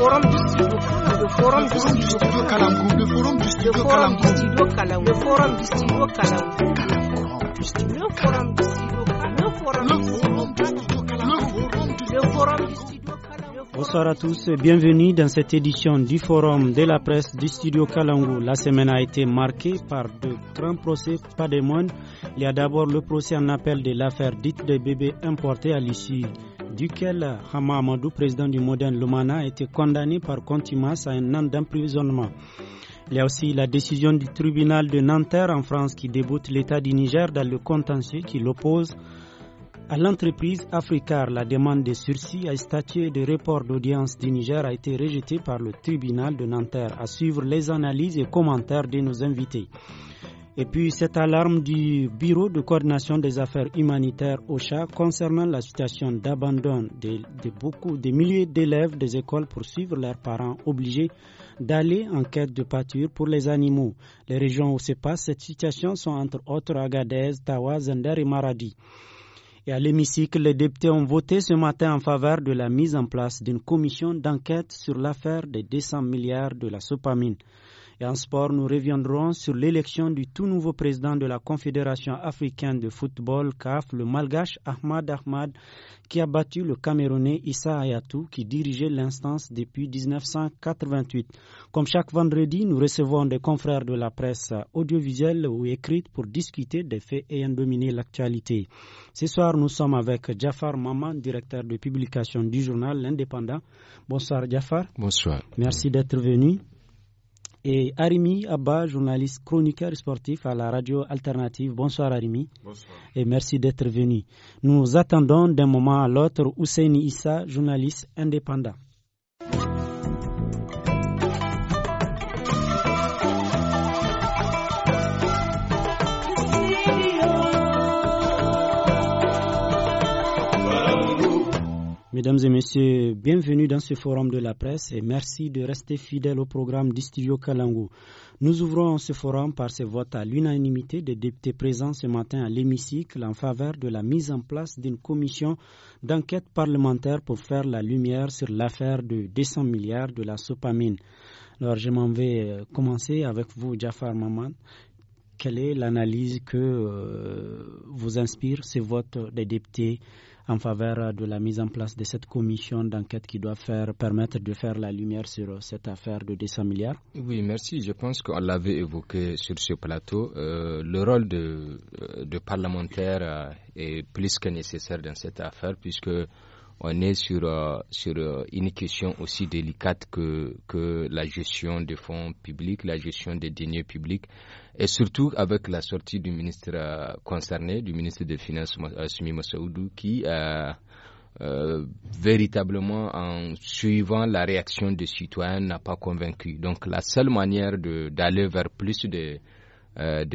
forum du studio le forum du studio Kalamkou le forum du studio Kalamkou le forum du studio Kalamkou le forum du studio Kalamkou le forum du studio Bonsoir à tous et bienvenue dans cette édition du Forum de la presse du studio Kalangou. La semaine a été marquée par de grands procès, pas des moines. Il y a d'abord le procès en appel de l'affaire dite des bébés importés à l'issue duquel Hama Amadou, président du Moderne Lumana, a été condamné par contumace à un an d'emprisonnement. Il y a aussi la décision du tribunal de Nanterre en France qui déboute l'État du Niger dans le contentieux qui l'oppose à l'entreprise Africar. La demande de sursis à statuer de report d'audience du Niger a été rejetée par le tribunal de Nanterre. À suivre les analyses et commentaires de nos invités. Et puis cette alarme du Bureau de coordination des affaires humanitaires OCHA concernant la situation d'abandon de, beaucoup, des milliers d'élèves des écoles pour suivre leurs parents obligés d'aller en quête de pâture pour les animaux. Les régions où se passe cette situation sont entre autres Agadez, Tawa, Zender et Maradi. Et à l'hémicycle, les députés ont voté ce matin en faveur de la mise en place d'une commission d'enquête sur l'affaire des 200 milliards de la sopamine. Et en sport, nous reviendrons sur l'élection du tout nouveau président de la Confédération africaine de football, CAF, le malgache Ahmad Ahmad, qui a battu le Camerounais Issa Ayatou, qui dirigeait l'instance depuis 1988. Comme chaque vendredi, nous recevons des confrères de la presse audiovisuelle ou écrite pour discuter des faits ayant dominé l'actualité. Ce soir, nous sommes avec Jafar Maman, directeur de publication du journal L'Indépendant. Bonsoir Jafar. Bonsoir. Merci d'être venu et Arimi Abba, journaliste chroniqueur sportif à la radio alternative. Bonsoir Arimi. Bonsoir. Et merci d'être venu. Nous attendons d'un moment à l'autre Hussein Issa, journaliste indépendant. Mesdames et messieurs, bienvenue dans ce forum de la presse et merci de rester fidèles au programme d'Istudio Kalangu. Nous ouvrons ce forum par ce vote à l'unanimité des députés présents ce matin à l'hémicycle en faveur de la mise en place d'une commission d'enquête parlementaire pour faire la lumière sur l'affaire de 200 milliards de la sopamine. Alors je m'en vais euh, commencer avec vous, Jafar Maman. Quelle est l'analyse que euh, vous inspire ce vote des députés en faveur de la mise en place de cette commission d'enquête qui doit faire, permettre de faire la lumière sur cette affaire de 200 milliards Oui, merci. Je pense qu'on l'avait évoqué sur ce plateau. Euh, le rôle de, euh, de parlementaire euh, est plus que nécessaire dans cette affaire puisque on est sur, euh, sur euh, une question aussi délicate que, que la gestion des fonds publics, la gestion des deniers publics, et surtout avec la sortie du ministre euh, concerné, du ministre des Finances, qui a véritablement en suivant la réaction des citoyens n'a pas convaincu. Donc la seule manière d'aller vers plus de,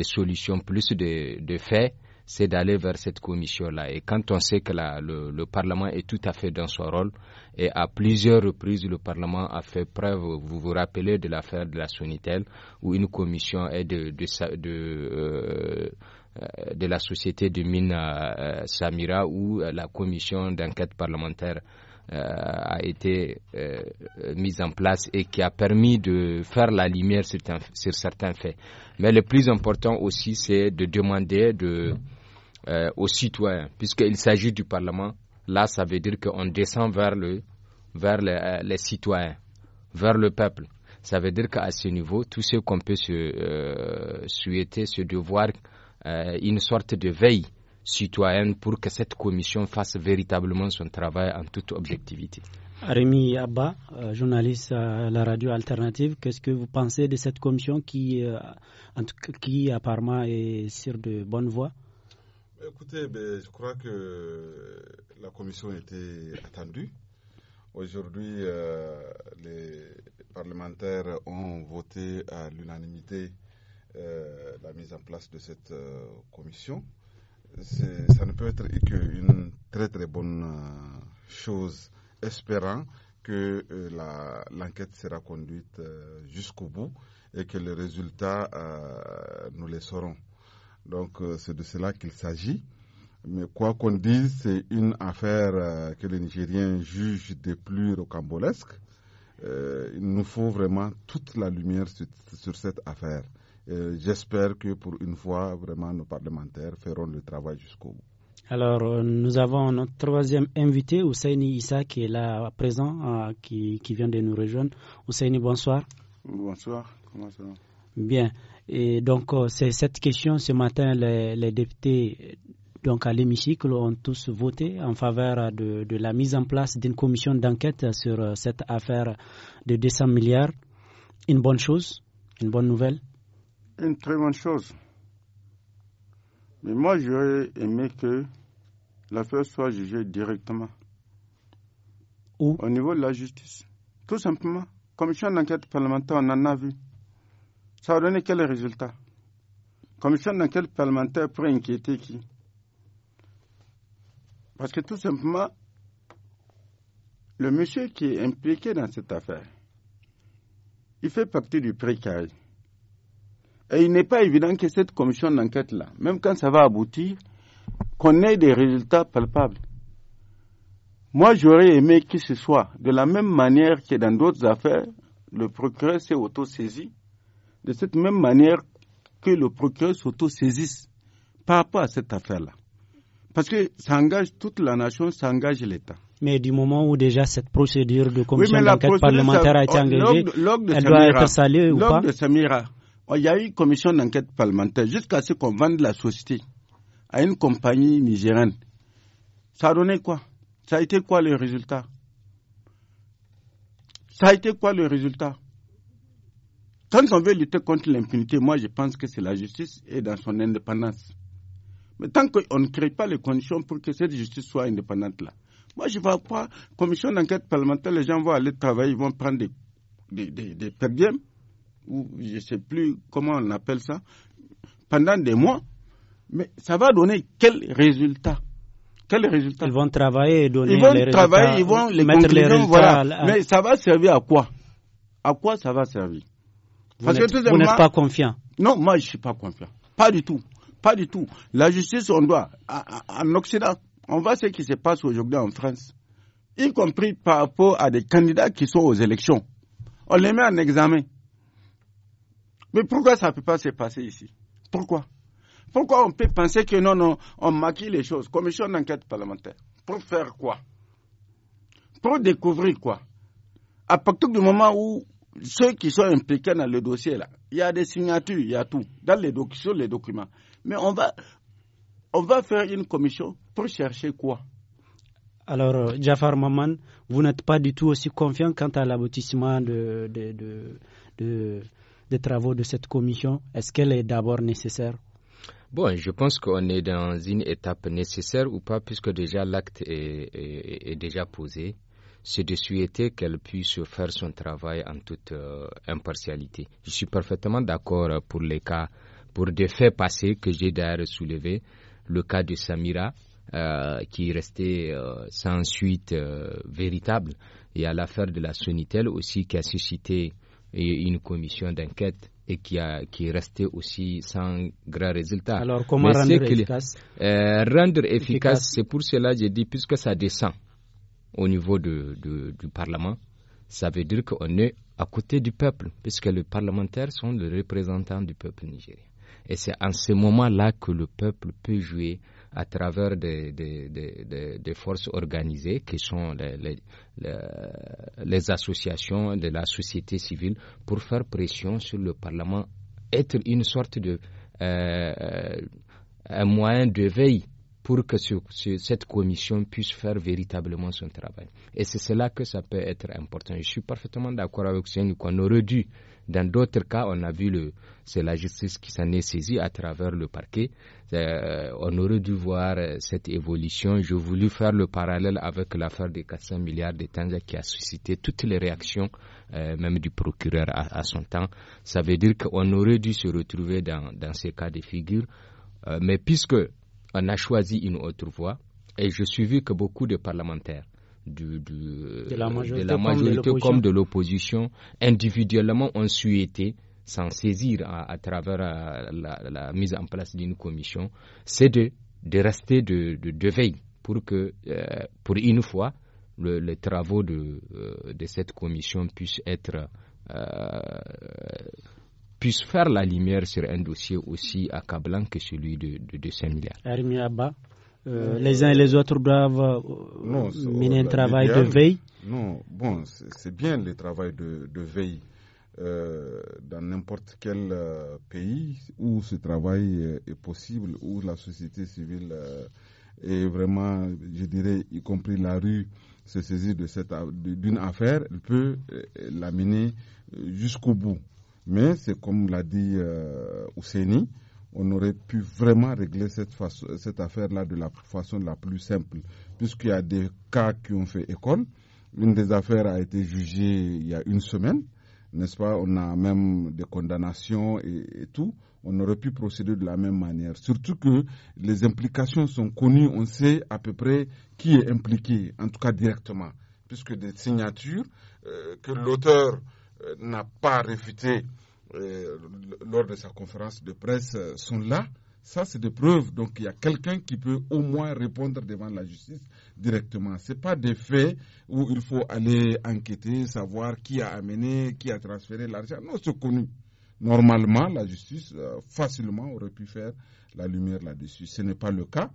solutions, plus de, de faits, c'est d'aller vers cette commission-là. Et quand on sait que la, le, Parlement est tout à fait dans son rôle, et à plusieurs reprises, le Parlement a fait preuve, vous vous rappelez de l'affaire de la Sonitel, où une commission est de, de, euh, de la société de mine euh, Samira où la commission d'enquête parlementaire euh, a été mise en place et qui a permis de faire la lumière sur certains faits. Mais le plus important aussi, c'est de demander de, euh, aux citoyens, puisqu'il s'agit du Parlement. Là, ça veut dire qu'on descend vers, le, vers les, euh, citoyens, vers le peuple. Ça veut dire qu'à ce niveau, tout ce qu'on peut se, euh, souhaiter, se devoir, une sorte de veille citoyenne pour que cette commission fasse véritablement son travail en toute objectivité. Rémi Abba, journaliste à la radio alternative, qu'est-ce que vous pensez de cette commission qui, qui apparemment est sur de bonnes voies Écoutez, ben, je crois que la commission était attendue. Aujourd'hui, euh, les parlementaires ont voté à l'unanimité euh, la mise en place de cette euh, commission. Ça ne peut être qu'une très très bonne chose, espérant que l'enquête sera conduite jusqu'au bout et que les résultats, nous les saurons. Donc euh, c'est de cela qu'il s'agit. Mais quoi qu'on dise, c'est une affaire euh, que les Nigériens jugent des plus rocambolesques. Euh, il nous faut vraiment toute la lumière sur, cette affaire. J'espère que pour une fois, vraiment, nos parlementaires feront le travail jusqu'au bout. Alors, nous avons notre troisième invité, Ousseini Issa, qui est là à présent, qui, vient de nous rejoindre. Ousseini, bonsoir. Bonsoir, comment ça va Bien. Et donc, euh, c'est cette question. Ce matin, les, députés donc à l'hémicycle ont tous voté en faveur de, la mise en place d'une commission d'enquête sur euh, cette affaire de 200 milliards. Une bonne chose, une bonne nouvelle Une très bonne chose. Mais moi, j'aurais aimé que l'affaire soit jugée directement. Où Au niveau de la justice. Tout simplement. Commission d'enquête parlementaire, on en a vu. Ça a donné quel résultat Commission d'enquête parlementaire pourrait inquiéter qui Parce que tout simplement, le monsieur qui est impliqué dans cette affaire, il fait partie du précaire. Et il n'est pas évident que cette commission d'enquête-là, même quand ça va aboutir, qu'on ait des résultats palpables. Moi, j'aurais aimé que ce soit de la même manière que dans d'autres affaires, le procureur s'est auto-saisi de cette même manière que le procureur s'auto-saisisse par rapport à cette affaire-là. Parce que ça engage toute la nation, ça engage l'État. Mais du moment où déjà cette procédure de commission d'enquête parlementaire a été oh, engagée, elle doit être salée ou pas de Samira, oh, il y a eu commission d'enquête parlementaire jusqu'à ce qu'on vende la société à une compagnie nigérienne. Ça a donné quoi Ça a été quoi le résultat Ça a été quoi le résultat quand on veut lutter contre l'impunité, moi je pense que c'est la justice et dans son indépendance. Mais tant qu'on ne crée pas les conditions pour que cette justice soit indépendante-là, moi je vois pas, commission d'enquête parlementaire, les gens vont aller travailler, ils vont prendre des, des, des, ou je ne sais plus comment on appelle ça, pendant des mois, mais ça va donner quel résultat Quels résultat Ils vont travailler et donner Ils vont les travailler, ils vont les mettre les résultats. Mais ça va servir à quoi À quoi ça va servir vous n'êtes pas confiant Non, moi, je ne suis pas confiant. Pas du tout. Pas du tout. La justice, on doit. En Occident, on voit ce qui se passe aujourd'hui en France, y compris par rapport à des candidats qui sont aux élections. On les met en examen. Mais pourquoi ça ne peut pas se passer ici Pourquoi Pourquoi on peut penser que non, non, on maquille les choses Commission d'enquête parlementaire. Pour faire quoi Pour découvrir quoi À partir du moment où ceux qui sont impliqués dans le dossier, là, il y a des signatures, il y a tout, dans les sur les documents. Mais on va, on va faire une commission pour chercher quoi Alors, euh, Jafar Maman, vous n'êtes pas du tout aussi confiant quant à l'aboutissement de, de, de, des travaux de cette commission. Est-ce qu'elle est, d'abord nécessaire Bon, je pense qu'on est dans une étape nécessaire ou pas, puisque déjà l'acte est, déjà posé c'est de souhaiter qu'elle puisse faire son travail en toute euh, impartialité. Je suis parfaitement d'accord pour les cas, pour des faits passés que j'ai d'ailleurs soulevés, le cas de Samira, euh, qui est resté euh, sans suite véritable. et à l'affaire de la Sonitel aussi qui a suscité une commission d'enquête et qui, a, qui est restée aussi sans grand résultat. Alors comment rendre, efficace? rendre efficace Rendre efficace, c'est pour cela que j'ai dit, puisque ça descend, au niveau du Parlement, ça veut dire qu'on est à côté du peuple, puisque les parlementaires sont les représentants du peuple nigérien. Et c'est en ce moment-là que le peuple peut jouer à travers des, des, forces organisées qui sont les, les, associations de la société civile pour faire pression sur le Parlement, être une sorte de euh, un moyen de veille pour que cette commission puisse faire véritablement son travail. Et c'est cela que ça peut être important. Je suis parfaitement d'accord avec Seigneur qu'on aurait dû. Dans d'autres cas, on a vu le, c'est la justice qui s'en est saisie à travers le parquet. Euh, on aurait dû voir euh, cette évolution. Je voulu faire le parallèle avec l'affaire des 400 milliards de Tanzanie qui a suscité toutes les réactions, euh, même du procureur à, son temps. Ça veut dire qu'on aurait dû se retrouver dans, ces cas de figure. mais puisque on a choisi une autre voie. Et je suis vu que beaucoup de parlementaires du, de la majorité, comme de l'opposition, individuellement ont souhaité s'en saisir à, travers euh, la, mise en place d'une commission, c'est de, de, rester de, de, veille pour que, euh, pour une fois, le, les travaux de, euh, cette commission puissent être puisse faire la lumière sur un dossier aussi accablant que celui de, de, de 5 milliards. Armi Abba, euh, euh, les uns et les autres doivent euh, mener un travail de veille Non, bon, c'est bien le travail de, veille. dans n'importe quel pays où ce travail est possible, où la société civile est vraiment, je dirais, y compris la rue, se saisit d'une affaire, elle peut la mener jusqu'au bout. Mais c'est comme l'a dit euh, Ouseni, on aurait pu vraiment régler cette, affaire-là de la façon la plus simple, puisqu'il y a des cas qui ont fait école. Une des affaires a été jugée il y a une semaine, n'est-ce pas On a même des condamnations et, tout. On aurait pu procéder de la même manière. Surtout que les implications sont connues, on sait à peu près qui est impliqué, en tout cas directement, puisque des signatures euh, que l'auteur euh, n'a pas réfuté euh, lors de sa conférence de presse euh, sont là. Ça, c'est des preuves. Donc, il y a quelqu'un qui peut au moins répondre devant la justice directement. Ce n'est pas des faits où il faut aller enquêter, savoir qui a amené, qui a transféré l'argent. Non, c'est connu. Normalement, la justice, facilement, aurait pu faire la lumière là-dessus. Ce n'est pas le cas.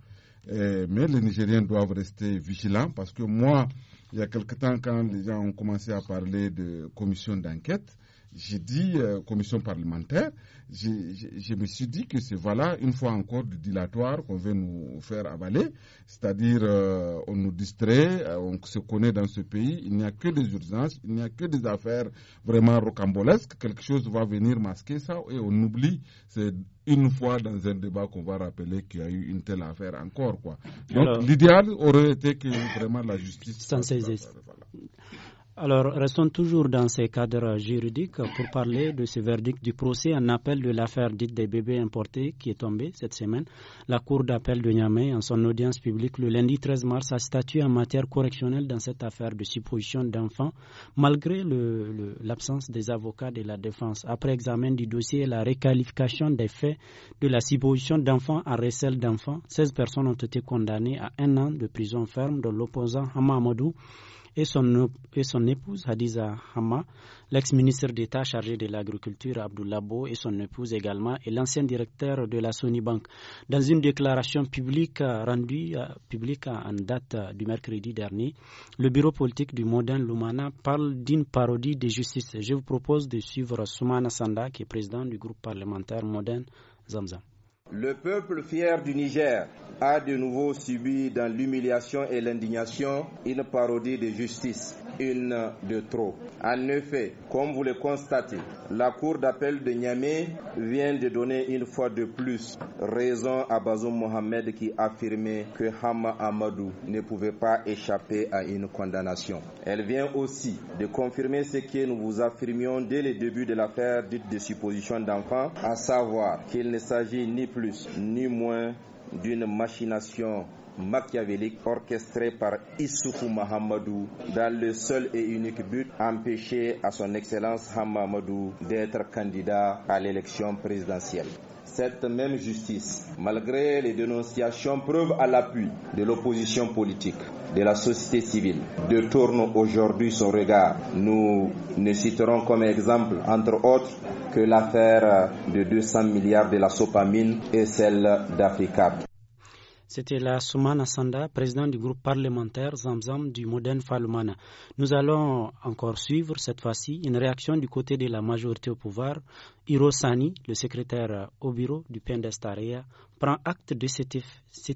Eh, mais les Nigériens doivent rester vigilants parce que moi, il y a quelque temps, quand les gens ont commencé à parler de commission d'enquête, j'ai dit euh, commission parlementaire, je, me suis dit que c'est voilà une fois encore du dilatoire qu'on veut nous faire avaler, c'est-à-dire euh, on nous distrait, euh, on se connaît dans ce pays, il n'y a que des urgences, il n'y a que des affaires vraiment rocambolesques, quelque chose va venir masquer ça et on oublie, c'est une fois dans un débat qu'on va rappeler qu'il y a eu une telle affaire encore. Quoi. Donc l'idéal aurait été que vraiment la justice... Sans alors, restons toujours dans ces cadres juridiques pour parler de ce verdict du procès en appel de l'affaire dite des bébés importés qui est tombée cette semaine. La Cour d'appel de Niamey, en son audience publique le lundi 13 mars, a statué en matière correctionnelle dans cette affaire de supposition d'enfants, malgré l'absence des avocats de la défense. Après examen du dossier et la réqualification des faits de la supposition d'enfants à recel d'enfants, 16 personnes ont été condamnées à un an de prison ferme dont l'opposant Hamamadou et son, épouse Hadiza Hama, l'ex-ministre d'État chargé de l'agriculture Abdoulabo et son épouse également et l'ancien directeur de la Sony Bank. Dans une déclaration publique euh, rendue euh, publique euh, en date du mercredi dernier, le bureau politique du Modern Lumana parle d'une parodie de justice. Je vous propose de suivre Soumana Sanda qui est président du groupe parlementaire Modern Zamzam. Le peuple fier du Niger a de nouveau subi dans l'humiliation et l'indignation une parodie de justice une de trop. En effet, comme vous le constatez, la Cour d'appel de Niamey vient de donner une fois de plus raison à Bazoum Mohamed qui affirmait que Hama Amadou ne pouvait pas échapper à une condamnation. Elle vient aussi de confirmer ce que nous vous affirmions dès le début de l'affaire dite de supposition d'enfant, à savoir qu'il ne s'agit ni plus ni moins d'une machination machiavélique orchestré par Issoufou Mahamadou dans le seul et unique but empêcher à son excellence Hamamadou d'être candidat à l'élection présidentielle cette même justice, malgré les dénonciations preuve à l'appui de l'opposition politique, de la société civile, détourne aujourd'hui son regard. Nous ne citerons comme exemple, entre autres, que l'affaire de 200 milliards de la Sopamine et celle d'Africa. C'était la Soumana Sanda, président du groupe parlementaire Zamzam du Modern Falumana. Nous allons encore suivre cette fois-ci une réaction du côté de la majorité au pouvoir. Hiro Sani, le secrétaire au bureau du Pendestaria, prend acte de cet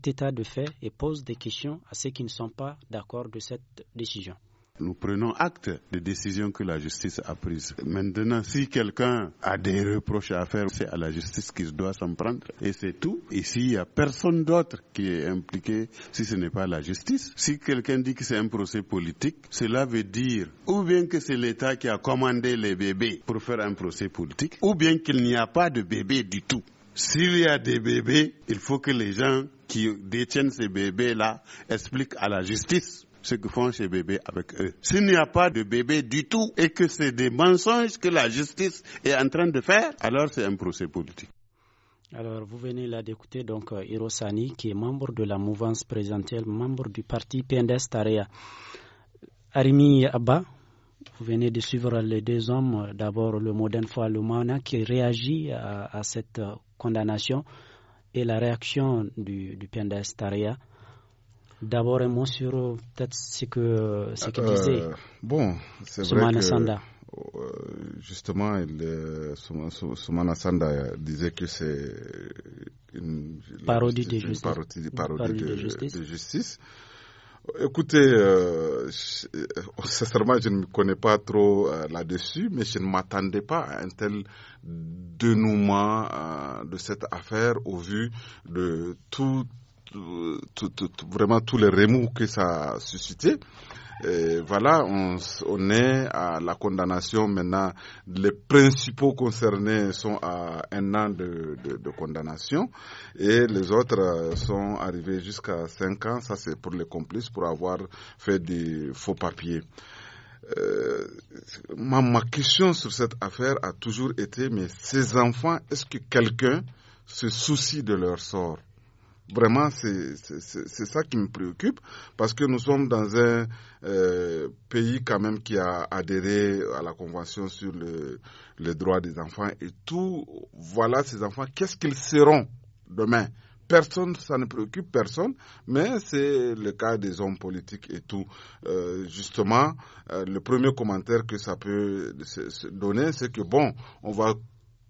état de fait et pose des questions à ceux qui ne sont pas d'accord de cette décision. Nous prenons acte des décisions que la justice a prises. Maintenant, si quelqu'un a des reproches à faire, c'est à la justice qu'il doit s'en prendre. Et c'est tout. Ici, il n'y a personne d'autre qui est impliqué si ce n'est pas la justice. Si quelqu'un dit que c'est un procès politique, cela veut dire ou bien que c'est l'État qui a commandé les bébés pour faire un procès politique, ou bien qu'il n'y a pas de bébés du tout. S'il y a des bébés, il faut que les gens qui détiennent ces bébés-là expliquent à la justice ce que font ces bébés avec eux. S'il n'y a pas de bébé du tout et que c'est des mensonges que la justice est en train de faire, alors c'est un procès politique. Alors, vous venez là d'écouter donc euh, Hirosani, qui est membre de la mouvance présidentielle, membre du parti PNDS Tarea. Arimi Abba, vous venez de suivre les deux hommes, d'abord le modèle foi qui réagit à, cette euh, condamnation et la réaction du, du PNDS Tarea. D'abord, un mot sur euh, peut-être ce que, euh, disait bon, Soumana Sanda. Euh, justement, Soumana Sanda disait que c'est une parodie, de, justice. Parodie, de, Écoutez, sincèrement, je ne me connais pas trop là-dessus, mais je ne m'attendais pas à un tel dénouement de cette affaire au vu de tout tout, vraiment tous les remous que ça a suscité. voilà, on, est à la condamnation maintenant. Les principaux concernés sont à un an de, condamnation et les autres euh, sont arrivés jusqu'à cinq ans. Ça, c'est pour les complices pour avoir fait des faux papiers. Euh, ma, ma question sur cette affaire a toujours été, mais ces enfants, est-ce que quelqu'un se soucie de leur sort Vraiment, c'est ça qui me préoccupe parce que nous sommes dans un euh, pays quand même qui a adhéré à la Convention sur le, les droits des enfants et tout. Voilà ces enfants, qu'est-ce qu'ils seront demain personne, ça ne préoccupe personne, mais c'est le cas des hommes politiques et tout. Euh, justement, euh, le premier commentaire que ça peut se donner, c'est que bon, on va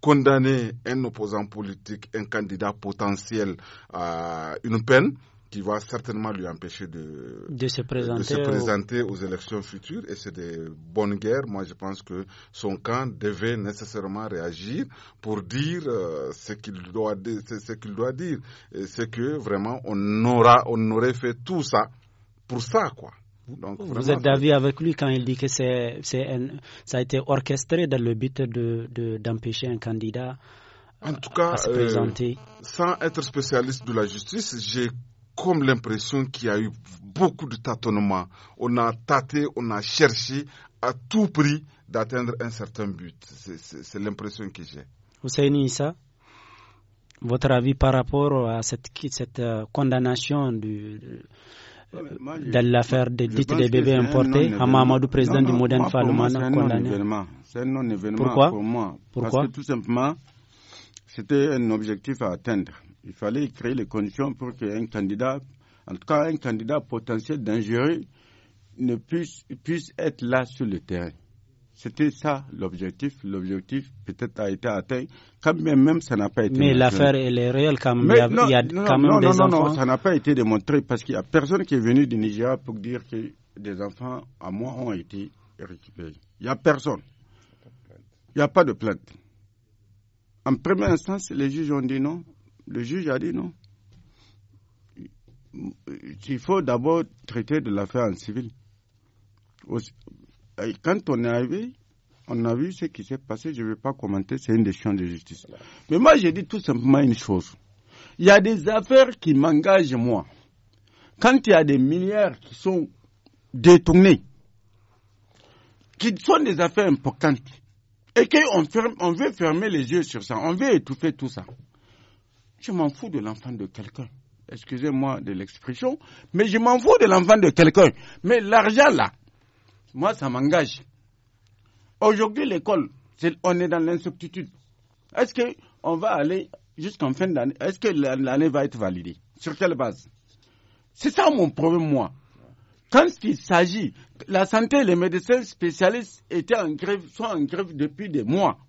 condamner un opposant politique, un candidat potentiel à une peine, qui va certainement lui empêcher de, se, présenter, aux élections futures. Et c'est des bonnes guerres. Moi, je pense que son camp devait nécessairement réagir pour dire euh, ce qu'il doit, ce qu'il doit dire. C'est que vraiment, on, aura, on aurait fait tout ça pour ça, quoi. Vous êtes d'avis avec lui quand il dit que c'est, ça a été orchestré dans le but de, d'empêcher un candidat en à se euh, présenter Sans être spécialiste de la justice, j'ai comme l'impression qu'il y a eu beaucoup de tâtonnements. On a tâté, on a cherché à tout prix d'atteindre un certain but. C'est l'impression que j'ai. Hussein Issa, votre avis par rapport à cette, cette euh, condamnation du, dans l'affaire des titres des bébés importés à Mamadou, président du Modern C'est un non-événement pour moi. Parce que tout simplement, c'était un objectif à atteindre. Il fallait créer les conditions pour qu'un candidat, en tout cas un candidat potentiel dangereux, ne puisse être là sur le terrain. C'était ça l'objectif. L'objectif peut-être a été atteint, quand même, ça n'a pas été. Mais l'affaire elle est réelle quand même. il y a, non, non, quand même des enfants. non, ça n'a pas été démontré parce qu'il n'y a personne qui est venu du Nigeria pour dire que des enfants à moi ont été récupérés. Il n'y a personne. Il n'y a pas de plainte. En première instance, les juges ont dit non. Le juge a dit non. Il faut d'abord traiter de l'affaire en civil. Euh, quand on est arrivé, on a vu ce qui s'est passé, je ne vais pas commenter, c'est une décision de justice. Mais moi, je dis tout simplement une chose. Il y a des affaires qui m'engagent, moi. Quand il y a des milliards qui sont détournés, qui sont des affaires importantes, et qu'on on veut fermer les yeux sur ça, on veut étouffer tout ça, je m'en fous de l'enfant de quelqu'un. Excusez-moi de l'expression, mais je m'en fous de l'enfant de quelqu'un. Mais l'argent là, moi, ça m'engage. Aujourd'hui, l'école, on est dans l'incertitude. Est-ce qu'on va aller jusqu'en fin d'année Est-ce que l'année va être validée Sur quelle base C'est ça mon problème, moi. Quand il s'agit, la santé, les médecins spécialistes étaient en grève, sont en grève depuis des mois.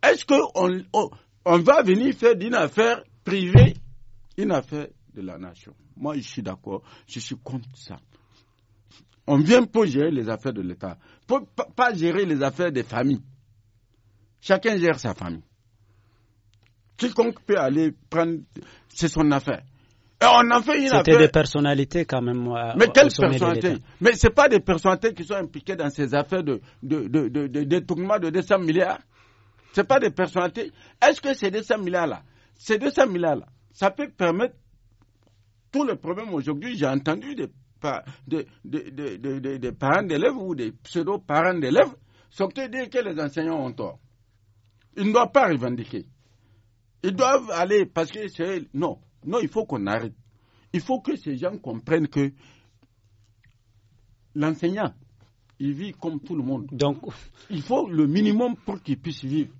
Est-ce qu'on on va venir faire d'une affaire privée une affaire de la nation Moi, je suis d'accord, je suis contre ça. On vient pour gérer les affaires de l'État, pour pas gérer les affaires des familles. Chacun gère sa famille. Quiconque peut aller prendre, c'est son affaire. Et on en fait une C'était des personnalités quand même. mais quelles personnalités Mais ce pas des personnalités qui sont impliquées dans ces affaires de détournement de, de, 200 milliards. Ce pas des personnalités. Est-ce que ces 200 milliards-là, ces 200 milliards-là, ça peut permettre Tous les problèmes aujourd'hui J'ai entendu des de, de, parents d'élèves ou des pseudo-parents d'élèves, sont te dire que les enseignants ont tort. Ils ne doivent pas revendiquer. Ils doivent aller parce que c'est. Non, non, il faut qu'on arrête. Il faut que ces gens comprennent que l'enseignant, il vit comme tout le monde. Donc, il faut le minimum pour qu'il puisse vivre.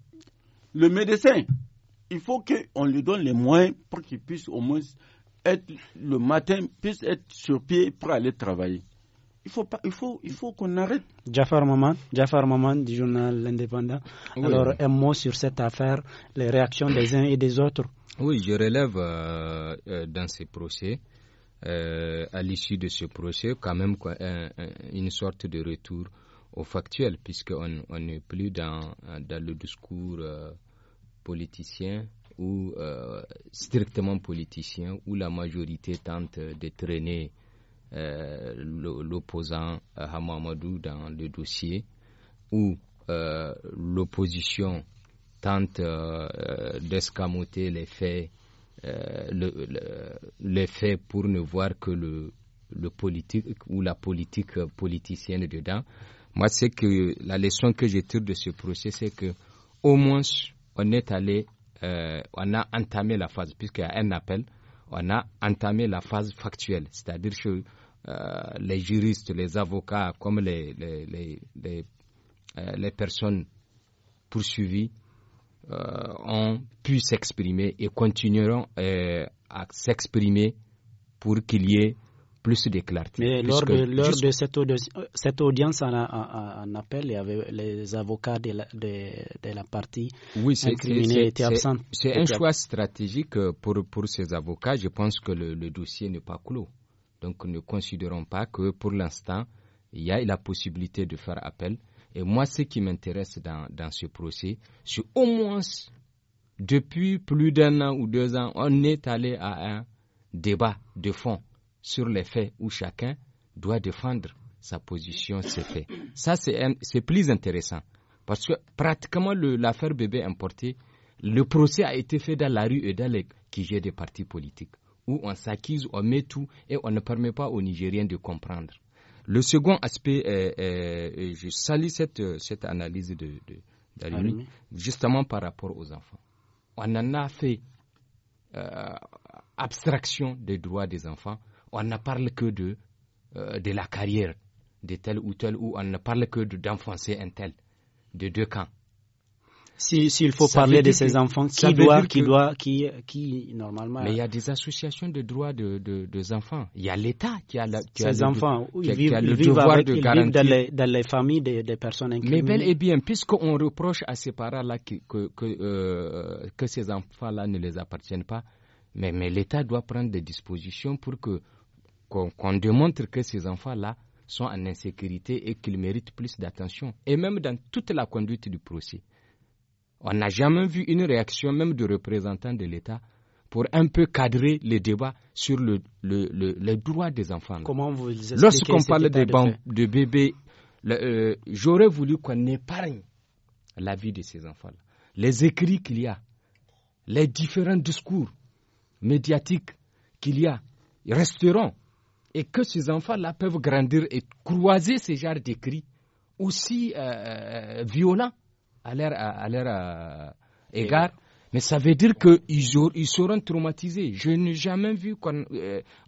Le médecin, il faut qu'on lui donne les moyens pour qu'il puisse au moins le matin, puisse être sur pied pour aller travailler. Il faut, pas, il faut, il faut qu'on arrête. Jafar Maman, du journal L'Indépendant. Alors, un mot sur cette affaire, les réactions des uns et des autres. Oui, je relève euh, euh, dans ces procès, euh, à l'issue de ce procès, quand même une sorte de retour au factuel, puisqu'on n'est plus dans, le discours politicien ou euh, strictement politicien où la majorité tente de traîner euh, l'opposant Hamamadou dans le dossier où euh, l'opposition tente d'escamoter les faits faits pour ne voir que le, le, politique ou la politique politicienne dedans. Moi, c'est que la leçon que j'ai tire de ce procès, c'est que au moins on est allé euh, on a entamé la phase, puisqu'il y a un appel, on a entamé la phase factuelle, c'est-à-dire que euh, les juristes, les avocats, comme les, les, les euh, personnes poursuivies, ont pu s'exprimer et continueront à s'exprimer pour qu'il y ait plus de clarté. Mais lors, de, cette audience, cette audience en, appel, il y avait les avocats de la, partie oui, incriminée étaient absents. C'est un choix stratégique pour, pour ces avocats. Je pense que le, dossier n'est pas clos. Donc, ne considérons pas que pour l'instant, il y a la possibilité de faire appel. Et moi, ce qui m'intéresse dans, dans ce procès, c'est au moins depuis plus d'un an ou deux ans, on est allé à un débat de fond sur les faits où chacun doit défendre sa position, ses faits. Ça, c'est plus intéressant. Parce que pratiquement l'affaire bébé importé, le procès a été fait dans la rue et dans les des partis politiques, où on s'acquise, on met tout et on ne permet pas aux Nigériens de comprendre. Le second aspect, je salue cette, analyse de, justement par rapport aux enfants. On en a fait euh, abstraction des droits des enfants on ne parle que de, euh, de la carrière de tel ou tel, ou on ne parle que d'enfoncer un tel, de deux camps. S'il faut parler de ces enfants, qui doit, qui doit, qui, qui normalement. Mais il y a des associations de droits de, de, des enfants. Il y a l'État qui a, la, enfants, le, vivent, de ils Vivent dans, les, familles des, personnes incriminées. Mais bel et bien, puisqu'on reproche à ces parents-là que, que, euh, que ces enfants-là ne les appartiennent pas, mais, mais l'État doit prendre des dispositions pour que qu'on démontre que ces enfants-là sont en insécurité et qu'ils méritent plus d'attention. Et même dans toute la conduite du procès. On n'a jamais vu une réaction même de représentants de l'État pour un peu cadrer le débat sur le, le, les droits des enfants. Comment vous Lorsqu'on parle des de, de bébés, euh, j'aurais voulu qu'on épargne la vie de ces enfants-là. Les écrits qu'il y a, les différents discours médiatiques qu'il y a, resteront et que ces enfants-là peuvent grandir et croiser ces genres cris aussi euh, euh, euh, violents à leur, à l'air égard. Mais ça veut dire qu'ils ils seront traumatisés. Je n'ai jamais vu qu'on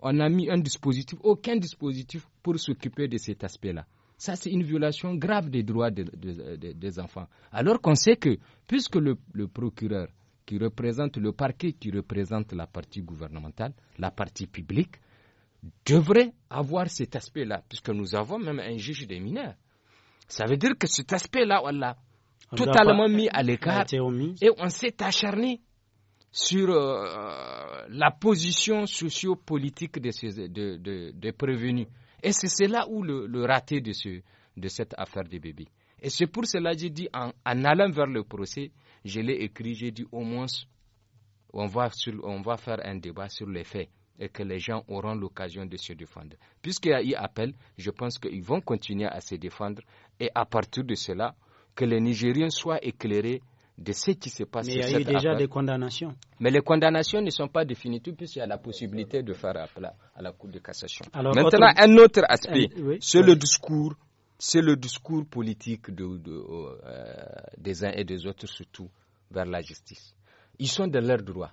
on a mis un dispositif, aucun dispositif pour s'occuper de cet aspect-là. Ça, c'est une violation grave des droits des enfants. Alors qu'on sait que, puisque le procureur qui représente le parquet, qui représente la partie gouvernementale, la partie publique, devrait avoir cet aspect-là, puisque nous avons même un juge des mineurs. Ça veut dire que cet aspect-là, on l'a totalement mis à l'écart et on s'est acharné sur euh, la position sociopolitique des de, de, prévenus. Et c'est là où le, raté de, de cette affaire des bébés. Et c'est pour cela que j'ai dit, en, allant vers le procès, je l'ai écrit, j'ai dit au moins, on va faire un débat sur les faits et que les gens auront l'occasion de se défendre. Puisqu'il y a eu appel, je pense qu'ils vont continuer à se défendre et à partir de cela, que les Nigériens soient éclairés de ce qui se passe. Mais il y a eu déjà des condamnations. Mais les condamnations ne sont pas définitives puisqu'il y a la possibilité de faire appel à la Cour de cassation. Maintenant, un autre aspect, euh, c'est le euh. discours. C'est le discours politique euh, des uns et des autres, surtout vers la justice. Ils sont de leurs droits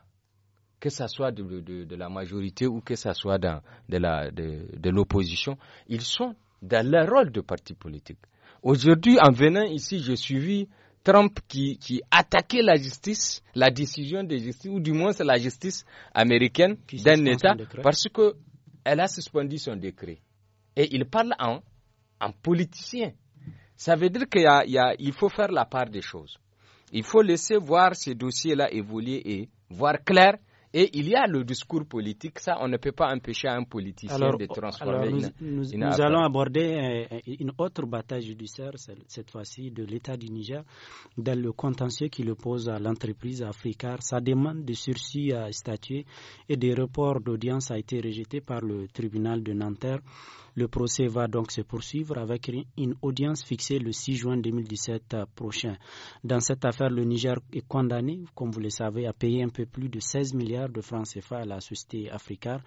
que ce soit de, la majorité ou que ce soit dans, de l'opposition, de, ils sont dans leur rôle de parti politique. Aujourd'hui, en venant ici, j'ai suivi Trump qui, qui, attaquait la justice, la décision de justice, ou du moins c'est la justice américaine d'un État, parce qu'elle a suspendu son décret. Et il parle en, en politicien. Ça veut dire qu'il faut faire la part des choses. Il faut laisser voir ces dossiers-là évoluer et voir clair et il y a le discours politique, ça, on ne peut pas empêcher un politicien de oh, transformer nous, une, nous, allons aborder euh, une autre bataille judiciaire, cette fois-ci de l'État du Niger, dans le contentieux qu'il oppose à l'entreprise Africar. Sa demande de sursis à statuer et des reports d'audience a été rejetée par le tribunal de Nanterre. Le procès va donc se poursuivre avec une audience fixée le 6 juin 2017 euh, prochain. Dans cette affaire, le Niger est condamné, comme vous le savez, à payer un peu plus de 16 milliards de francs CFA à la société africaine.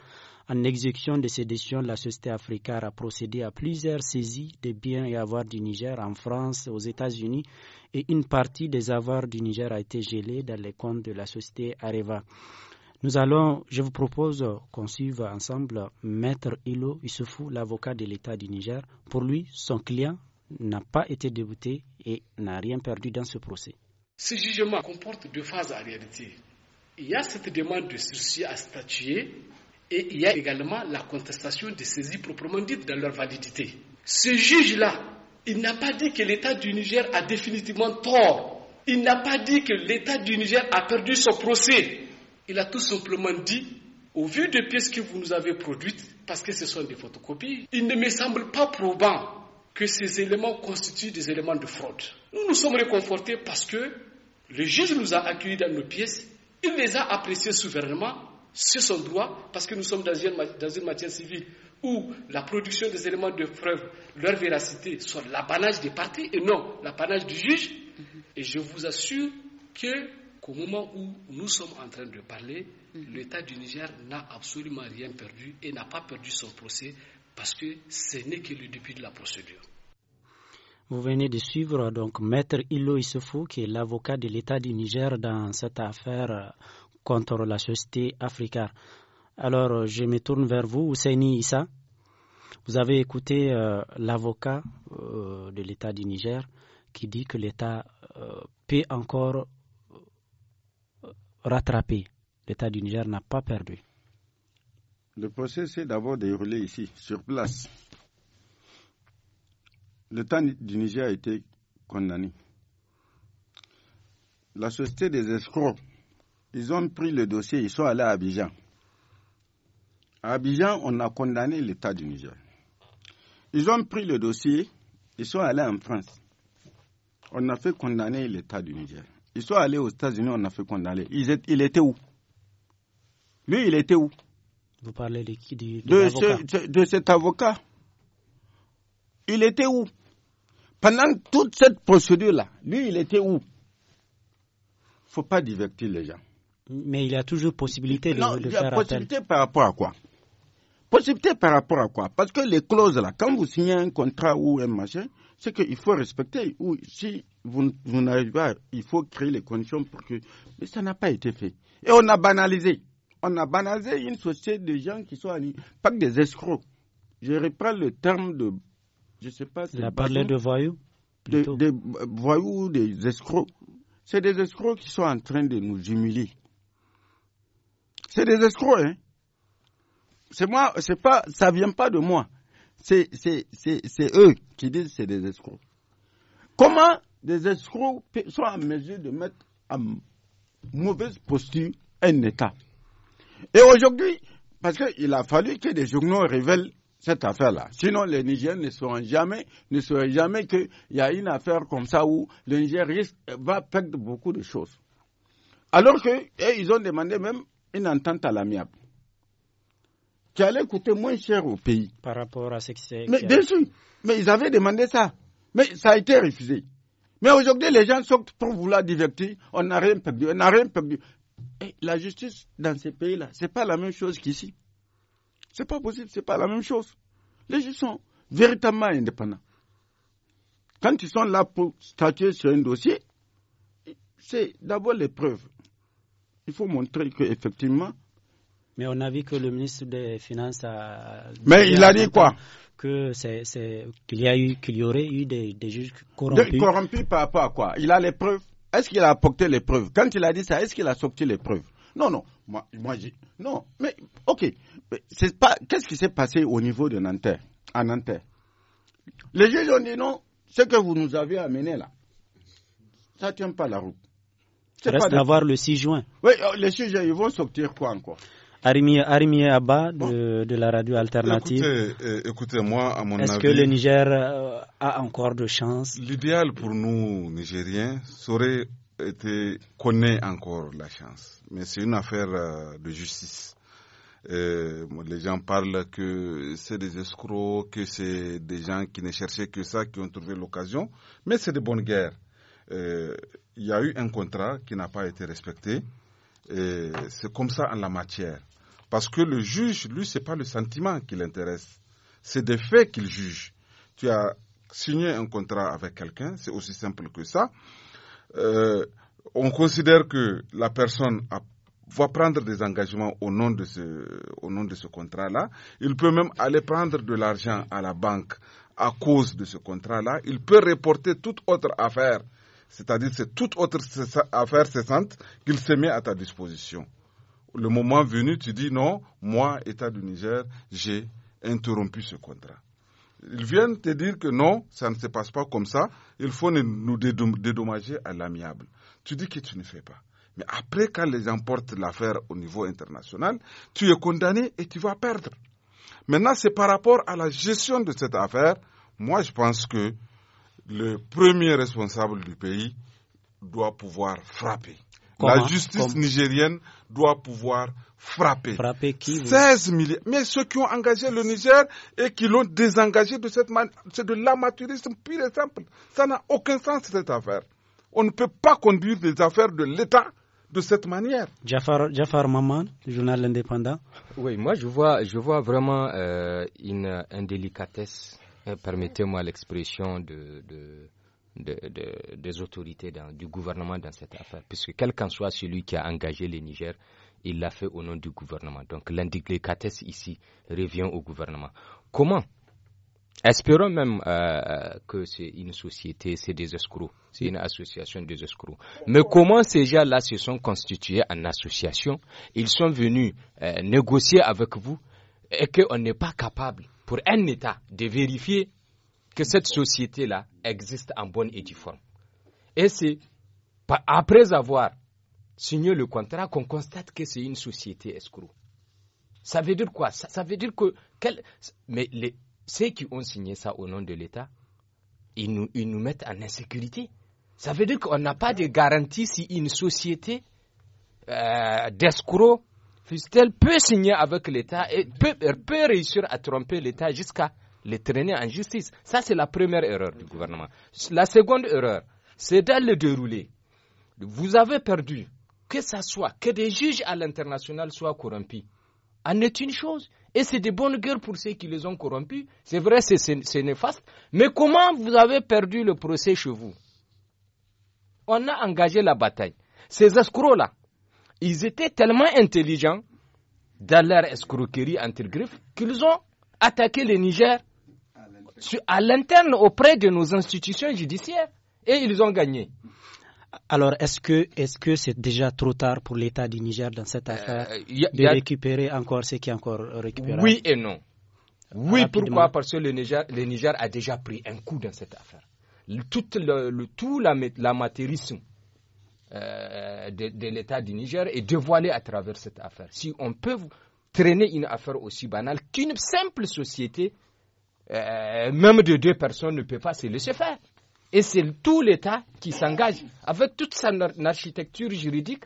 En exécution de ces décisions, la société africaine a procédé à plusieurs saisies des biens et avoirs du Niger en France, aux États-Unis, et une partie des avoirs du Niger a été gelée dans les comptes de la société Areva. Nous allons, je vous propose qu'on suive ensemble Maître Ilo Issoufou, l'avocat de l'État du Niger. Pour lui, son client n'a pas été débouté et n'a rien perdu dans ce procès. Ce jugement comporte deux phases en réalité. Il y a cette demande de sursis à statuer et il y a également la contestation des saisies proprement dites dans leur validité. Ce juge-là, il n'a pas dit que l'État du Niger a définitivement tort. Il n'a pas dit que l'État du Niger a perdu son procès il a tout simplement dit, au vu des pièces que vous nous avez produites, parce que ce sont des photocopies, il ne me semble pas probant que ces éléments constituent des éléments de fraude. Nous nous sommes réconfortés parce que le juge nous a accueillis dans nos pièces, il les a appréciées souverainement, c'est son droit, parce que nous sommes dans une, matière civile où la production des éléments de preuve, leur véracité, soit l'apanage des parties et non l'apanage du juge. Et je vous assure que qu'au moment où nous sommes en train de parler, l'État du Niger n'a absolument rien perdu et n'a pas perdu son procès parce que ce n'est que le début de la procédure. Vous venez de suivre donc Maître Ilo Issoufou, qui est l'avocat de l'État du Niger dans cette affaire contre la société africaine. Alors, je me tourne vers vous, Ousseini Issa. Vous avez écouté euh, l'avocat euh, de l'État du Niger qui dit que l'État euh, peut encore rattrapé. L'État du Niger n'a pas perdu. Le procès s'est d'abord déroulé ici, sur place. L'État du Niger a été condamné. La société des escrocs, ils ont pris le dossier, ils sont allés à Abidjan. À Abidjan, on a condamné l'État du Niger. Ils ont pris le dossier, ils sont allés en France. On a fait condamner l'État du Niger soit allé aux États-Unis, on a fait condamner. il était où Lui, il était où Vous parlez de qui de, cet avocat. Il était où Pendant toute cette procédure-là, lui, il était où faut pas divertir les gens. Mais il y a toujours possibilité de, non, il y a possibilité par rapport à quoi Possibilité par rapport à quoi Parce que les clauses là, quand vous signez un contrat ou un machin, c'est qu'il faut respecter. Ou si vous, vous n'arrivez pas, il faut créer les conditions pour que. Mais ça n'a pas été fait. Et on a banalisé. On a banalisé une société de gens qui sont allés... pas que des escrocs. Je reprends le terme de. Je sais pas. Il a parlé de voyous Des voyous ou des escrocs. C'est des escrocs qui sont en train de nous humilier. C'est des escrocs, hein. C'est moi, c'est pas, ça vient pas de moi c'est eux qui disent que c'est des escrocs. Comment des escrocs sont en mesure de mettre en mauvaise posture un État Et aujourd'hui, parce qu'il a fallu que des journaux révèlent cette affaire-là. Sinon, les Nigériens ne sauront jamais, ne sauront jamais qu'il y a une affaire comme ça où le Niger va perdre beaucoup de choses. Alors que, ils ont demandé même une entente à l'amiable allait coûter moins cher au pays. Par rapport à ce que c'est... Mais bien sûr, mais ils avaient demandé ça. Mais ça a été refusé. Mais aujourd'hui, les gens sortent pour vouloir divertir. On n'a rien perdu, on n'a rien perdu. la justice dans ces pays-là, ce n'est pas la même chose qu'ici. Ce n'est pas possible, ce n'est pas la même chose. Les juges sont véritablement indépendants. Quand ils sont là pour statuer sur un dossier, c'est d'abord les preuves. Il faut montrer qu'effectivement, mais on a vu que le ministre des Finances a. Mais il a dit quoi que c'est qu'il y a eu qu'il y aurait eu des, juges corrompus. corrompus par rapport à quoi Il a les preuves. Est-ce qu'il a apporté les preuves Quand il a dit ça, est-ce qu'il a sorti les preuves Non, non. Moi, moi j'ai non. Mais ok. C'est pas. Qu'est-ce qui s'est passé au niveau de Nanterre, à Les juges ont dit non. Ce que vous nous avez amené là, ça ne tient pas la route. Reste pas à le 6 juin. Oui, euh, le 6 ils vont sortir quoi encore Arimi, Abba de, la radio alternative. Écoutez, euh, moi, à mon Est avis. Est-ce que le Niger euh, a encore de chance L'idéal pour nous, Nigériens, serait qu'on connaît encore la chance. Mais c'est une affaire euh, de justice. les gens parlent que c'est des escrocs, que c'est des gens qui ne cherchaient que ça, qui ont trouvé l'occasion, mais c'est de bonnes guerres. Il y a eu un contrat qui n'a pas été respecté. C'est comme ça en la matière. Parce que le juge, lui, ce n'est pas le sentiment qui l'intéresse, c'est des faits qu'il juge. Tu as signé un contrat avec quelqu'un, c'est aussi simple que ça. Euh, on considère que la personne va prendre des engagements au nom de ce, au nom de ce contrat-là. Il peut même aller prendre de l'argent à la banque à cause de ce contrat-là. Il peut reporter toute autre affaire, c'est-à-dire c'est toute autre affaire cessante qu'il se met à ta disposition le moment venu, tu dis non, moi, État du Niger, j'ai interrompu ce contrat. Ils viennent te dire que non, ça ne se passe pas comme ça, il faut nous dédommager à l'amiable. Tu dis que tu ne fais pas. Mais après, quand les gens portent l'affaire au niveau international, tu es condamné et tu vas perdre. Maintenant, c'est par rapport à la gestion de cette affaire. Moi, je pense que le premier responsable du pays doit pouvoir frapper la justice nigérienne doit pouvoir frapper. Frapper qui 16 milliards. Mais ceux qui ont engagé le Niger et qui l'ont désengagé de cette manière, c'est de l'amateurisme pur et simple. Ça n'a aucun sens cette affaire. On ne peut pas conduire des affaires de l'État de cette manière. Jafar, Jafar Maman, journal indépendant. Oui, moi je vois, je vois vraiment euh, une indélicatesse, euh, permettez-moi l'expression de des autorités, du gouvernement dans cette affaire. Puisque quel qu'en soit celui qui a engagé le Niger, il l'a fait au nom du gouvernement. Donc l'indicatrice ici revient au gouvernement. Comment Espérons même euh, que c'est une société, c'est des escrocs, c'est une association des escrocs. Mais comment ces gens-là se sont constitués en association Ils sont venus euh, négocier avec vous et qu'on n'est pas capable pour un État de vérifier que cette société-là existe en bonne et due forme. Et c'est après avoir signé le contrat qu'on constate que c'est une société escroc. Ça veut dire quoi ça, veut dire que. Mais ceux qui ont signé ça au nom de l'État, ils nous, mettent en insécurité. Ça veut dire qu'on n'a pas de garantie si une société euh, d'escrocs peut signer avec l'État et peut réussir à tromper l'État jusqu'à les traîner en justice. Ça, c'est la première erreur du gouvernement. La seconde erreur, c'est dans le déroulé. Vous avez perdu, que ça soit, que des juges à l'international soient corrompus. En est une chose. Et c'est de bonnes guerres pour ceux qui les ont corrompus. C'est vrai, c'est néfaste. Mais comment vous avez perdu le procès chez vous On a engagé la bataille. Ces escrocs-là, ils étaient tellement intelligents dans leur escroquerie entre griffes qu'ils ont attaqué le Niger à l'interne auprès de nos institutions judiciaires. Et ils ont gagné. Alors, est-ce que est-ce que c'est déjà trop tard pour l'État du Niger dans cette euh, affaire de récupérer encore ce qui est encore récupéré Oui et non. Oui, pourquoi Parce que le Niger, le Niger, a déjà pris un coup dans cette affaire. Le, tout la euh, de, de l'État du Niger est dévoilé à travers cette affaire. Si on peut traîner une affaire aussi banale qu'une simple société euh, même de deux personnes, ne peut pas se laisser faire. Et c'est tout l'État qui s'engage. Avec toute son architecture juridique,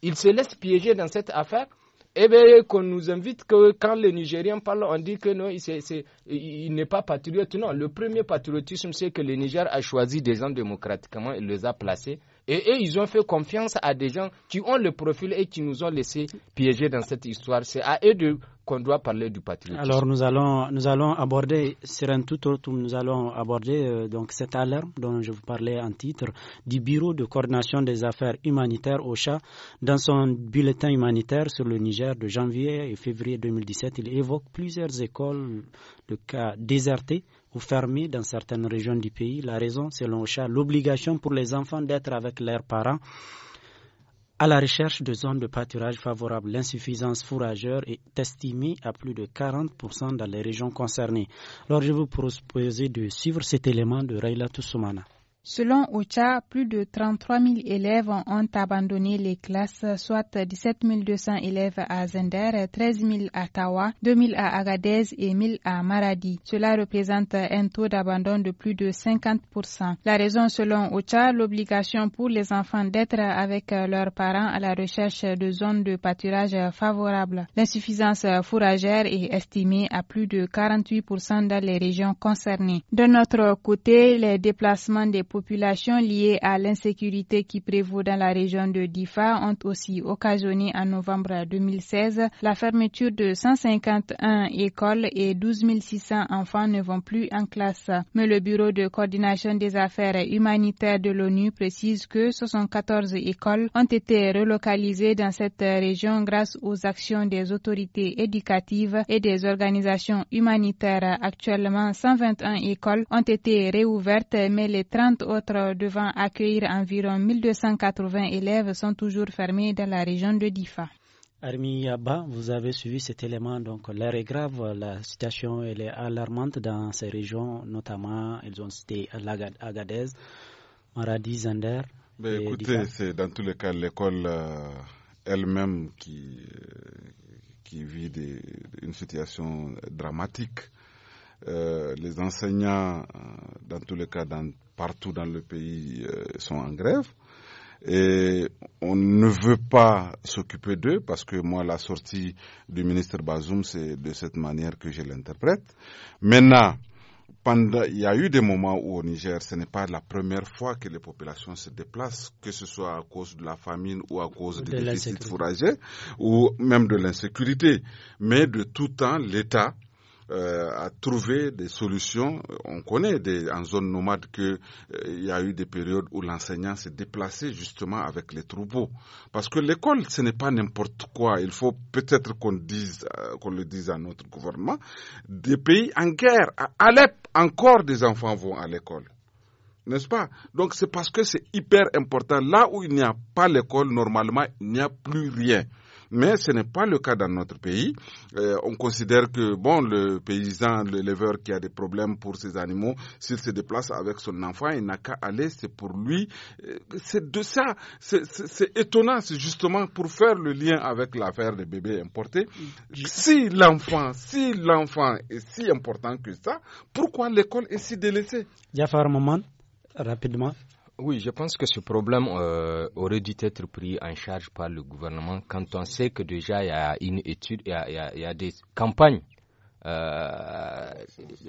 il se laisse piéger dans cette affaire. Et eh bien, qu'on nous invite que quand les Nigériens parlent, on dit que non, il, n'est pas patriote. Non, le premier patriotisme, c'est que le Niger a choisi des gens démocratiquement il les a placés. Et, ils ont fait confiance à des gens qui ont le profil et qui nous ont laissé piéger dans cette histoire. C'est à eux de qu'on doit parler du patriotisme. Alors nous allons, nous allons aborder c'est un tout autre, nous allons aborder euh, donc cette alerte dont je vous parlais en titre du Bureau de coordination des affaires humanitaires OCHA. Dans son bulletin humanitaire sur le Niger de janvier et février 2017, il évoque plusieurs écoles, de cas désertées ou fermées dans certaines régions du pays. La raison, selon OCHA, l'obligation pour les enfants d'être avec leurs parents à la recherche de zones de pâturage favorables, l'insuffisance fourragère est estimée à plus de 40% dans les régions concernées. Alors je vous propose de suivre cet élément de Raila Toussoumana. Selon OCHA, plus de 33 000 élèves ont abandonné les classes, soit 17 200 élèves à Zender, 13 000 à Tawa, 2 000 à Agadez et 1 000 à Maradi. Cela représente un taux d'abandon de plus de 50 La raison, selon OCHA, l'obligation pour les enfants d'être avec leurs parents à la recherche de zones de pâturage favorables. L'insuffisance fourragère est estimée à plus de 48 dans les régions concernées. De notre côté, les déplacements des populations liées à l'insécurité qui prévaut dans la région de Difa ont aussi occasionné en novembre 2016 la fermeture de 151 écoles et 12 600 enfants ne vont plus en classe. Mais le Bureau de coordination des affaires humanitaires de l'ONU précise que 74 écoles ont été relocalisées dans cette région grâce aux actions des autorités éducatives et des organisations humanitaires. Actuellement, 121 écoles ont été réouvertes, mais les 30 autres devant accueillir environ 1280 élèves sont toujours fermés dans la région de Difa. Armi Yaba, vous avez suivi cet élément. Donc, l'air est grave. La situation elle est alarmante dans ces régions, notamment, ils ont cité Agadez, Maradi, Zander. Ben, écoutez, c'est dans tous les cas l'école euh, elle-même qui, euh, qui vit une situation dramatique. Euh, les enseignants, dans tous les cas, dans partout dans le pays euh, sont en grève. Et on ne veut pas s'occuper d'eux parce que moi, la sortie du ministre Bazoum, c'est de cette manière que je l'interprète. Maintenant, pendant, il y a eu des moments où au Niger, ce n'est pas la première fois que les populations se déplacent, que ce soit à cause de la famine ou à cause des de déficits fourragers ou même de l'insécurité. Mais de tout temps, l'État euh, à trouver des solutions. On connaît en zone nomade qu'il euh, y a eu des périodes où l'enseignant s'est déplacé justement avec les troupeaux. Parce que l'école, ce n'est pas n'importe quoi. Il faut peut-être qu'on dise, euh, qu'on le dise à notre gouvernement, des pays en guerre, à Alep, encore des enfants vont à l'école. N'est-ce pas Donc c'est parce que c'est hyper important. Là où il n'y a pas l'école, normalement, il n'y a plus rien mais ce n'est pas le cas dans notre pays. Euh, on considère que, le paysan, l'éleveur qui a des problèmes pour ses animaux, s'il se déplace avec son enfant, il n'a qu'à aller, c'est pour lui. Euh, c'est de ça, c'est étonnant, c'est justement pour faire le lien avec l'affaire des bébés importés. Si l'enfant, si l'enfant est si important que ça, pourquoi l'école est si délaissée un Maman, rapidement. Oui, je pense que ce problème euh, aurait dû être pris en charge par le gouvernement quand on sait que déjà il y a une étude, il y a, des campagnes. Euh,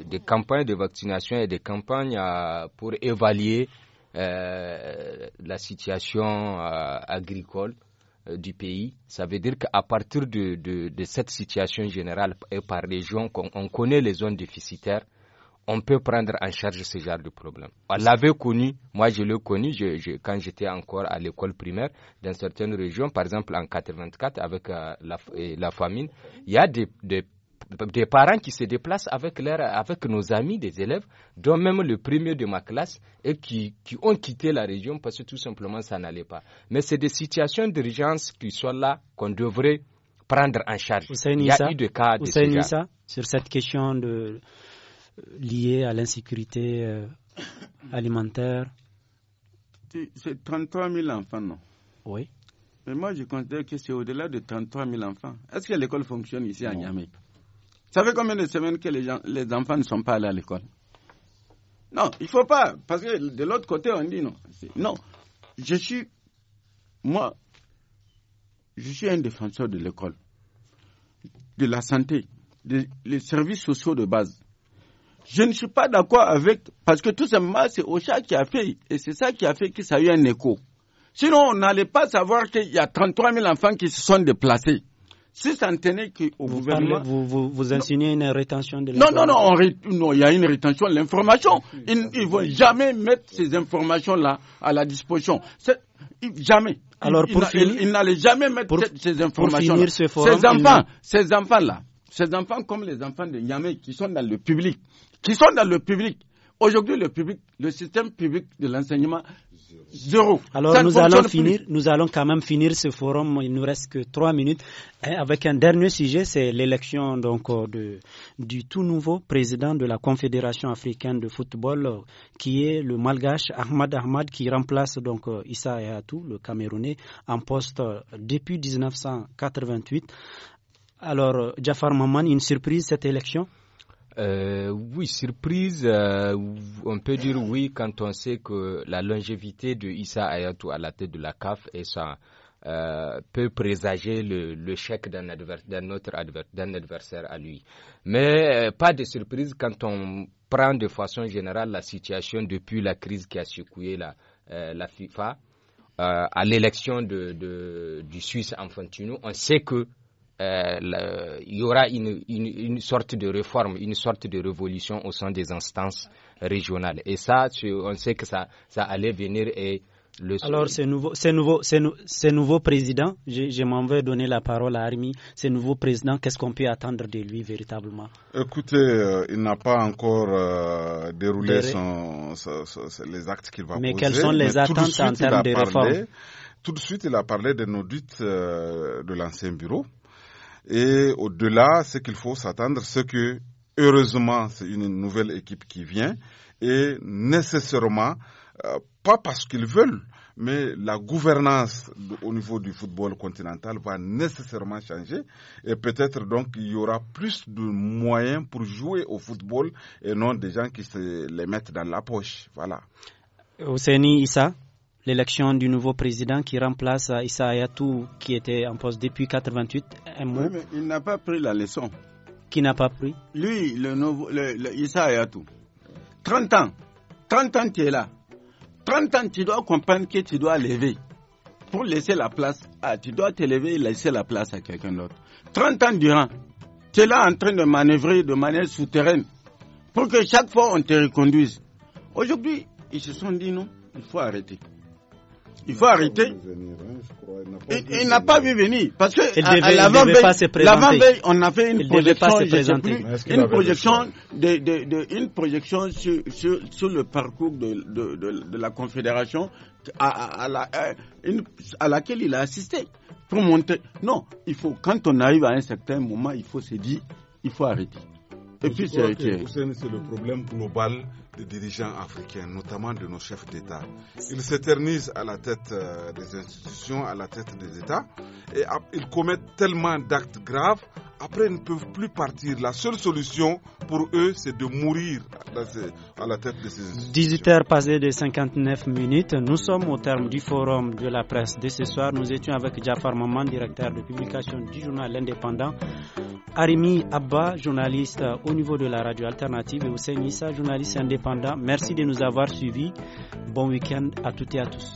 des campagnes de vaccination et des campagnes euh, pour évaluer la situation agricole du pays. Ça veut dire qu'à partir de, cette situation générale et par région, on connaît les zones déficitaires, on peut prendre en charge ce genre de problème. On l'avait connu, moi je l'ai connu je, quand j'étais encore à l'école primaire dans certaines régions, par exemple en 84 avec euh, la, la, famine, il y a des, des, des, parents qui se déplacent avec, leur, avec nos amis, des élèves, dont même le premier de ma classe, et qui, qui ont quitté la région parce que tout simplement ça n'allait pas. Mais c'est des situations d'urgence qui sont là, qu'on devrait prendre en charge. il y a eu des cas de sur cette question de liés à l'insécurité euh, alimentaire C'est 33 000 enfants, non Oui. Mais moi, je considère que c'est au-delà de 33 000 enfants. Est-ce que l'école fonctionne ici à Niamey Ça fait combien de semaines que les, enfants ne sont pas allés à l'école Non, il ne faut pas, parce que de l'autre côté, on dit non. Non, je suis, moi, je suis un défenseur de l'école, de la santé, des services sociaux de base. Je ne suis pas d'accord avec, parce que tout simplement, c'est Ocha qui a fait, et c'est ça qui a fait que ça a eu un écho. Sinon, on n'allait pas savoir qu'il y a 33 000 enfants qui se sont déplacés. Si ça ne tenait qu'au gouvernement. vous, vous, vous une rétention de l'information Non, non, non, il y a une rétention de l'information. Ils ne vont jamais mettre ces informations-là à la disposition. Jamais. Alors, pour ils, n'allaient jamais mettre ces, informations. ces enfants, ces enfants-là, ces enfants, comme les enfants de Yamé, qui sont dans le public, qui sont dans le public, Aujourd'hui, le public, le système public de l'enseignement, zéro. Alors, nous allons finir, nous allons quand même finir ce forum. Il nous reste que trois minutes hein, avec un dernier sujet, c'est l'élection euh, du tout nouveau président de la Confédération africaine de football, euh, qui est le Malgache Ahmad Ahmad, qui remplace donc euh, Issa Ehatu, le Camerounais, en poste depuis 1988. Alors, euh, Jafar Maman, une surprise cette élection euh, oui, surprise, euh, on peut dire oui quand on sait que la longévité de Issa Ayatou à la tête de la CAF et ça peut présager le, chèque d'un adversaire à lui. Mais pas de surprise quand on prend de façon générale la situation depuis la crise qui a secoué la, la FIFA à l'élection de, du Suisse Infantino. On sait que euh, il y aura une, une, sorte de réforme, une sorte de révolution au sein des instances régionales. Et ça, on sait que ça, ça allait venir et le... Alors, ce nouveau, président, je, m'en vais donner la parole à Armi, ce nouveau président, qu'est-ce qu'on peut attendre de lui véritablement Écoutez, euh, il n'a pas encore euh, déroulé les actes qu'il va poser. Mais quelles sont les attentes en termes de réforme Tout de suite, il a parlé de nos doutes de l'ancien bureau. Et au-delà, ce qu'il faut s'attendre, c'est que heureusement, c'est une nouvelle équipe qui vient et nécessairement, euh, pas parce qu'ils veulent, mais la gouvernance au niveau du football continental va nécessairement changer et peut-être donc il y aura plus de moyens pour jouer au football et non des gens qui se les mettent dans la poche. Voilà. Ouseni Issa l'élection du nouveau président qui remplace Issa Ayatou, qui était en poste depuis 88. oui, mais il n'a pas pris la leçon. Qui n'a pas pris Lui, le nouveau, le, Issa Ayatou. 30 ans. 30 ans, tu es là. 30 ans, tu dois comprendre que tu dois lever. Pour laisser la place, ah, tu dois te lever et laisser la place à quelqu'un d'autre. 30 ans durant, tu es là en train de manœuvrer de manière souterraine pour que chaque fois on te reconduise. Aujourd'hui, ils se sont dit non, il faut arrêter. Il faut arrêter. il, hein, n'a pas vu venir. Parce que l'avant-veille, on a fait une projection, une, projection sur, le parcours de, la Confédération à, laquelle il a assisté pour monter. Non, il faut, quand on arrive à un certain moment, il faut se dire, il faut arrêter. Et, puis c'est le problème global des dirigeants africains, notamment de nos chefs d'État. Ils s'éternisent à la tête euh, des institutions, à la tête des États, et ils commettent tellement d'actes graves, après ils ne peuvent plus partir. La seule solution pour eux, c'est de mourir à la tête de ces institutions. 18 heures passées de 59 minutes, nous sommes au terme du forum de la presse de ce soir. Nous étions avec Jafar Maman, directeur de publication du journal L'Indépendant. Arimi Abba, journaliste euh, au niveau de la radio alternative, et Hussein Issa, journaliste indépendant Merci de nous avoir suivis. Bon week-end à toutes et à tous.